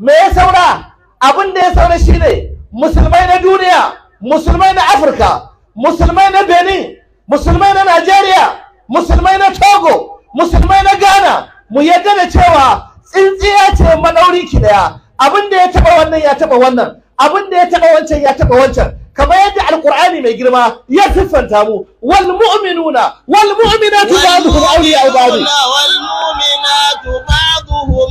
me ya saura abin da ya saura shine musulmai na duniya musulmai na afirka musulmai na benin musulmai na najeriya musulmai na togo musulmai na ghana mu yadda da cewa tsintsiya ce manauri ki daya abin da ya taɓa wannan ya taba wannan abin da ya taɓa wancan ya taɓa wancan kamar yadda alkur'ani mai girma ya siffanta mu wal mu'minuna wal mu'minatu ba'duhum awliya'u ba'd wal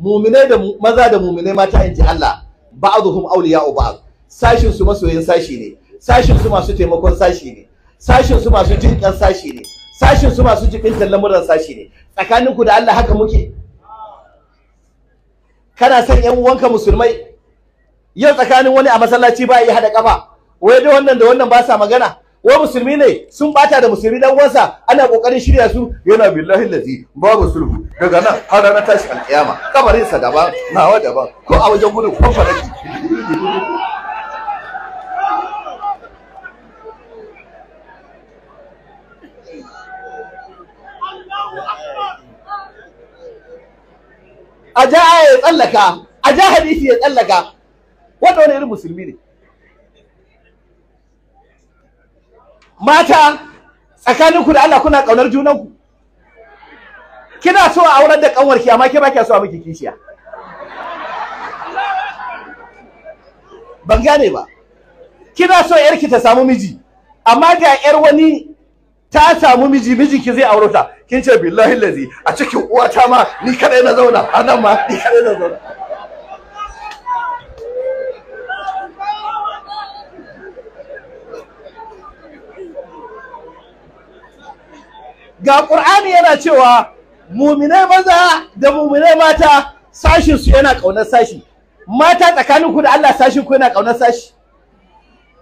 muminai da maza da muminai mata in ji Allah ba'dhum awliya'u ba'd sashin su masoyin sashi ne sashin su masu taimakon sashi ne sashin su masu jinkan sashi ne sashin su masu jibintar lamuran sashi ne tsakanin ku da Allah haka muke kana son yan uwanka musulmai yau tsakanin wani a masallaci ba ya hada kafa wai da wannan da wannan ba sa magana wa musulmi ne sun bata da musulmi dan uwansa ana kokarin shirya su yana billahi lazi babu sulhu daga nan har ranar tashi alkiyama kabarin sa daban nawa daban ko a wajen gudun ko faraki a ja ya tsallaka a ja hadisi ya tsallaka wanda wani irin musulmi ne mata tsakaninku da Allah kuna ƙaunar junanku kina so a aurar da ki, amma ke ba kya so a miki kishiya ban gane ba kina so yarki ta samu miji amma ga yar wani ta samu miji ki zai aure ta kin ce billahi lazi a cikin uwata ma ni kadai na zauna a ma ni kadai na zauna ga ƙur'ani yana cewa muminai maza da muminai mata sashin su yana ƙaunar sashi mata tsakanin ku da Allah sashin ku yana ƙaunar sashi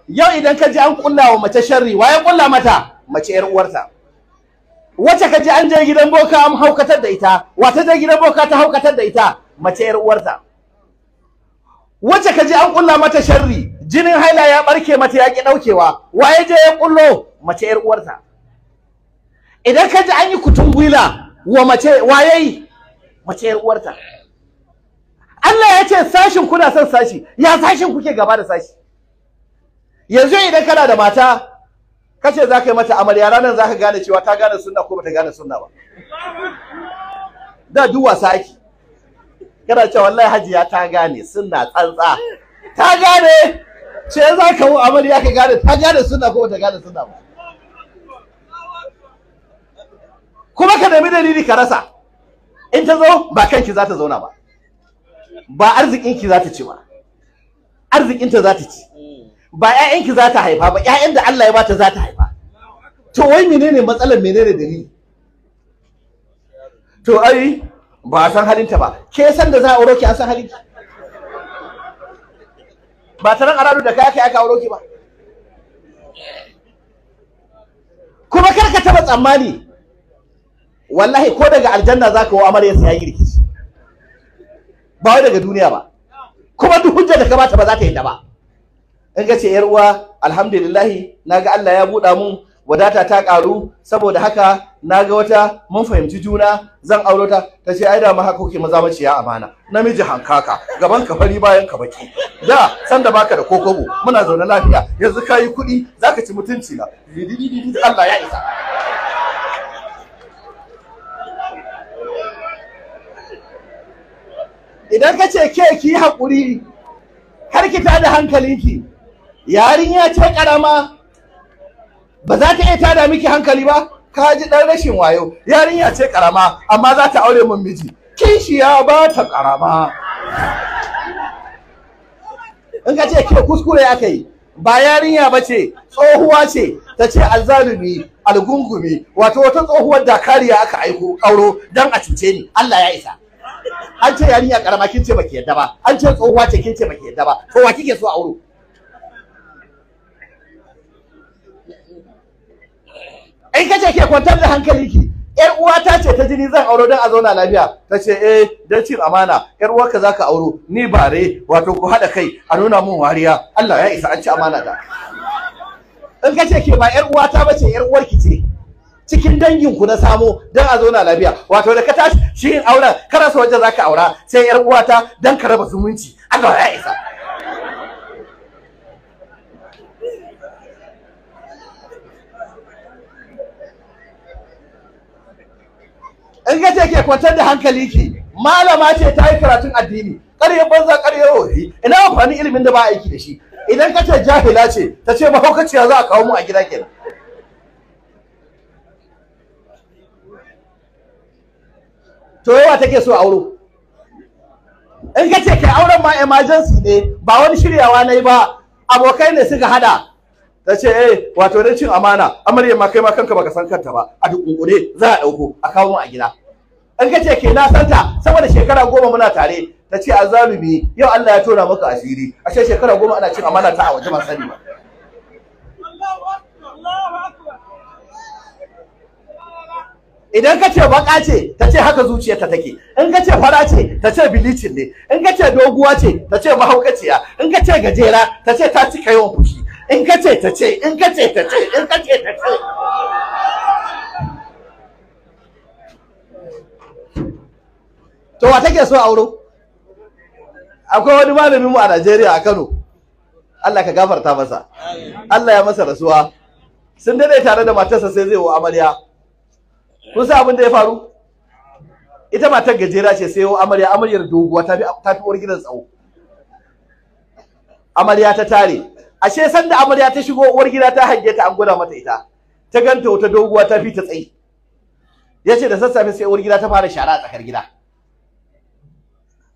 yau idan ka ji an ƙulla wa mace sharri waye ƙulla mata mace yar uwarta wacce ka ji an je gidan boka an haukatar da ita wata je gidan boka ta haukatar da ita mace yar uwarta wacce ka ji an ƙulla mata sharri jinin haila ya barke mata ya ki daukewa waye je ya ƙullo mace yar uwarta idan ka ji an yi kutun gwila wa mace waye mace yar uwarta Allah ya ce sashin kuna son sashi ya sashin kuke gaba da sashi yanzu idan kana da mata kace za ka yi mata amarya ranar za ka gane cewa ta gane sunna ko bata gane sunna ba da duk wasa ake kana cewa wallahi hajiya ta gane sunna tsantsa ta gane ce za ka yi amarya ka gane ta gane sunna ko bata gane sunna ba kuma ka nemi dalili ka rasa in ta zo ba kanki za ta zauna ba ba arzikinki za ta ci ba arzikinta za ta ci ba ƴaƴanki za ta haifa ba Ƴaƴan da Allah ya bata za ta haifa to wai menene matsalar menene dalili to ai ba san halinta ba ke san da za a aure ki an san halinki ba ta nan aradu da kaya kai aka aure ki ba kuma kar ka taba tsammani wallahi ko daga aljanna za ka wa amarya ya yi rikici ba wai daga duniya ba kuma duk hujjar da ka bata ba za ta yi da ba in ka ce yar uwa Na ga Allah ya buɗa mun wadata ta ƙaru saboda haka na ga wata mun fahimci juna zan auro ta ta ce ai da ma haka kuke maza mace ya amana namiji hankaka gaban ka fari bayan ka baki da san da baka da kokobo muna zaune lafiya yanzu kayi kuɗi zaka ci mutunci na Allah ya isa idan ka ce ke ki haƙuri har ki ta da hankalinki yarinya ce karama ba za ta iya tada miki hankali ba ka ji ɗan rashin wayo yarinya ce karama amma za ta aure mun miji kishiya ba ta karama in ka ce ke kuskure aka yi ba yarinya ba ce tsohuwa ce ta ce alzalumi, algungumi wato wata tsohuwar da kariya aka aiko ƙauro, don a cuce ni Allah ya isa an ce yarinya karama kin ce baki yadda ba an ce tsohuwa ce kin ce baki yadda ba to wa kike so a wuro kace ke kwantar da hankali ki yar uwa ta ce ta jini zan auro dan a zauna lafiya ta ce eh dan cin amana yar uwarka za ka auro ni bare wato ku haɗa kai a nuna mun wariya Allah ya isa an ci amana da in kace ke ba yar uwa ta bace yar uwarki ce cikin dangin ku na samo dan a zauna lafiya wato da ka tashi shi in auren kana so wajen zaka aura sai yar uwata dan ka raba zumunci Allah ya isa in ka ce ke kwantar da hankali ki malama ce ta yi karatun addini ƙarya banza ƙarya wofi ina amfani ilimin da ba aiki da shi idan ka ce jahila ce ta ce mahaukaciya za a kawo mu a gida kenan to yawa take so auro in ka ce ke auren ma emergency ne ba wani shiryawa na yi ba abokai ne suka hada ta ce eh wato dai cin amana amarya ma kai ma kanka baka san kanta ba a duk dukunkune za a dauko a kawo a gida in ka ce ke na santa saboda shekara goma muna tare ta ce azalumi yau Allah ya tona maka asiri ashe shekara goma ana cin amana ta a waje ba sani ba idan ka ce baka ce ta ce haka zuciyarta take in ka ce fara ce ta ce bilicin ne in ka ce doguwa ce ta ce mahaukaciya in ka ce gajera ta ce ta cika yawan fushi in ka ce ta ce in ka ce ta ce in ka ce ta ce to wa take so auro akwai wani malamin mu a Najeriya a Kano Allah ka gafarta masa Allah ya masa rasuwa sun dade tare da matarsa sai zai wa amarya kun san abin da ya faru ita matar gajera ce sai amarya amaryar doguwa ta fi ta fi uwar gidan tsawo amarya ta tare ashe sanda amarya ta shigo uwar gida ta hange ta an gwada mata ita ta ganta wata doguwa ta fi ta tsayi yace da sassafe sai uwar gida ta fara shara a tsakar gida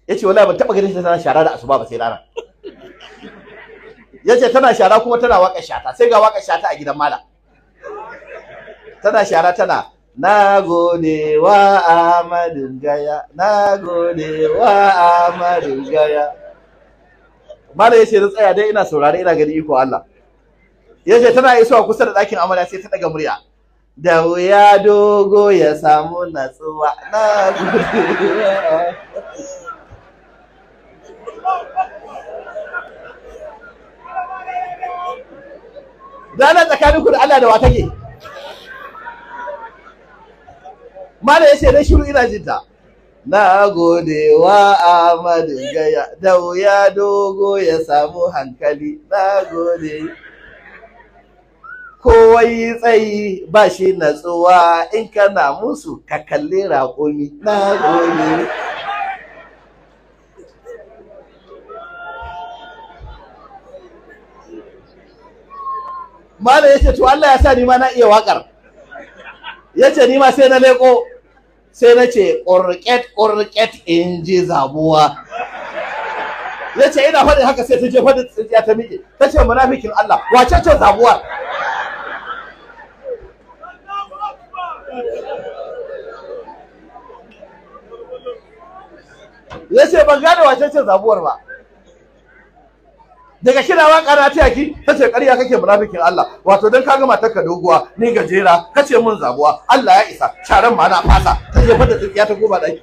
yace wallahi ban taba ganin ta tana shara da asuba ba sai rana yace tana shara kuma tana waka shata sai ga waka shata a gidan mala tana shara tana Na gode wa Ahmadu Gaya, na gode wa Ahmadu Gaya. ya ce na tsaya dai ina saurare ina gani iko Allah. Ya ce tana isowa kusa da ɗakin amarya sai ta ɗaga murya. Da wuya dogo ya samu natsuwa, na gode wa Ranar tsakaninku da Allah da wa take. mana ya ce na shiru ina jin ta. Na gode wa Ahmad Gaya, da wuya dogo ya samu hankali, na gode. Kowai tsayi ba shi natsuwa in kana musu ka kalli raƙumi, na gode. Mana ya ce, to Allah ya sa ni ma na iya waƙar. Ya ce, ni ma sai na leƙo. sai na ce ƙorƙet ƙorƙet in ji zabuwa ya ce ina faɗin haka sai ta je faɗin tsirgiya ta miƙe ta ce munafikin Allah wace ce zabuwar ya ce ban gane wace ce zabuwar ba daga shida waka na taya ki kace ƙarya kake munafikin Allah wato dan kaga matarka doguwa ni gajera kace mun zabuwa Allah ya isa charan ma na fasa tace fata tsiya ta goba daki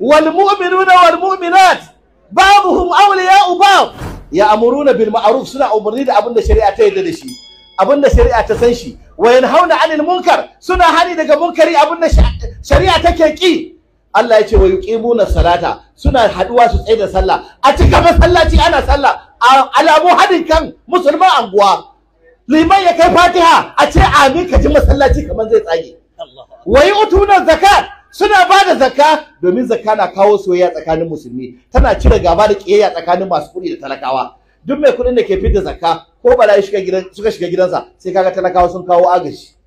wal mu'minuna wal mu'minat ba'dhum awliya'u ba'd ya'muruna bil ma'ruf suna umarni da abinda shari'a ta yarda da shi abinda shari'a ta san shi wa yanhauna 'anil munkar suna hani daga munkari abinda shari'a take ki Allah ya ce wa yuqimuna salata suna haduwa su tsaye da sallah a cika masallaci ana sallah alamu hadin kan musulman anguwa liman ya kai fatiha a ce amin ka ji masallaci kamar zai tsage Wai utunan zakat suna ba da zakka domin zakka na kawo soyayya tsakanin musulmi tana cire gaba da kiyayya tsakanin masu kuɗi da talakawa duk mai kuɗin da ke fitar zakka ko bala'i suka shiga gidansa sai kaga talakawa sun kawo agaji